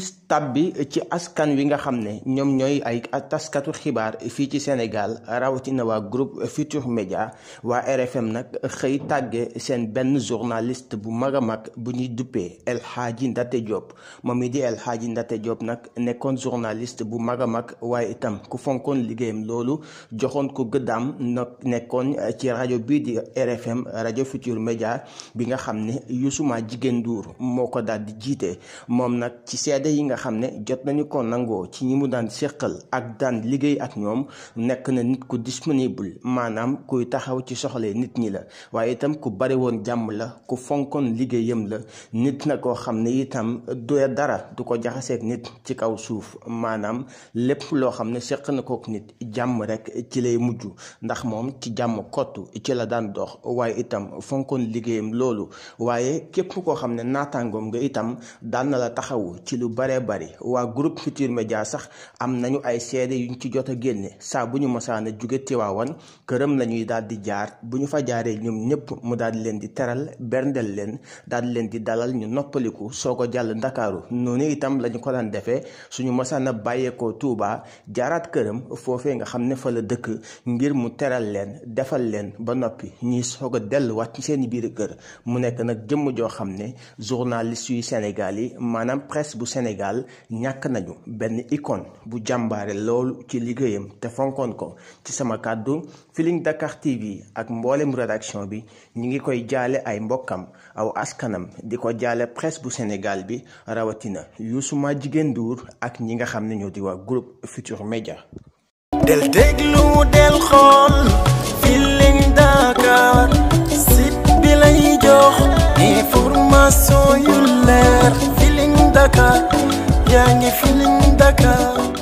ci bi ci askan wi nga xam ne ñoom ñooy ay taskatu xibaar fii ci Sénégal rawatina waa groupe Futur Média waa RFM nag xëy tàgge seen benn journaliste bu mag a mag bu ñuy duppee El Hadji Ndate Diop moom it di El Hadji Ndate Diop nag nekkoon journaliste bu mag a mag waaye itam ku fonkoon liggéeyam loolu joxoon ko gëddaam nag nekkoon ci rajo bii di RFM rajo Futur Média bi nga xam ne Youssouma Jigéen Ndour moo ko daal di jiite moom nag ci seede seede yi nga xam ne jot nañu ko nangoo ci ñi mu daan séqal ak daan liggéey ak ñoom nekk na nit ku disponible maanaam kuy taxaw ci soxle nit ñi la waaye itam ku bari woon jàmm la ku fonkoon liggéeyam la nit na koo xam ne itam du dara du ko jaxaseeg nit ci kaw suuf maanaam lépp loo xam ne séq na kook nit jàmm rek ci lay mujj ndax moom ci jàmm kottu ci la daan dox waaye itam fonkoon liggéeyam loolu waaye képp ko xam ne naataangoom nga itam daan na la taxawu ci lu baree bari waa groupe Futurs Médias sax am nañu ay yu ñu ci jot a génne saa bu ñu mosaan a jóge Tiwaawan këram la ñuy daal di jaar bu ñu fa jaaree ñoom ñëpp mu daal di leen di teral berndel leen daal di leen di dalal ñu noppaliku soo ko jàll Ndakaaru noonu itam lañu ko daan defee suñu mosaan a bàyyeekoo Touba jaaraat këram foofee nga xam ne fa la dëkk ngir mu teral leen defal leen ba noppi ñiy soog a delluwaat ci seen biir kër mu nekk nag jëmm joo xam ne journaliste yu yi Sénégal ñàkk nañu benn icône bu jàmbare loolu ci liggéeyam te fonkoon ko ci sama kàddu filing Dakar TV ak mboolemu rédaction bi ñu ngi koy jaale ay mbokkam aw askanam di ko jaale presse bu Sénégal bi rawatina yu suma jigéen Ndour ak ñi nga xam ne ñoo di waa groupe Futurs Médias del déglu del xool Feeling Dakar site bi lay yu leer Dakar yaa ngi Feeling Dakar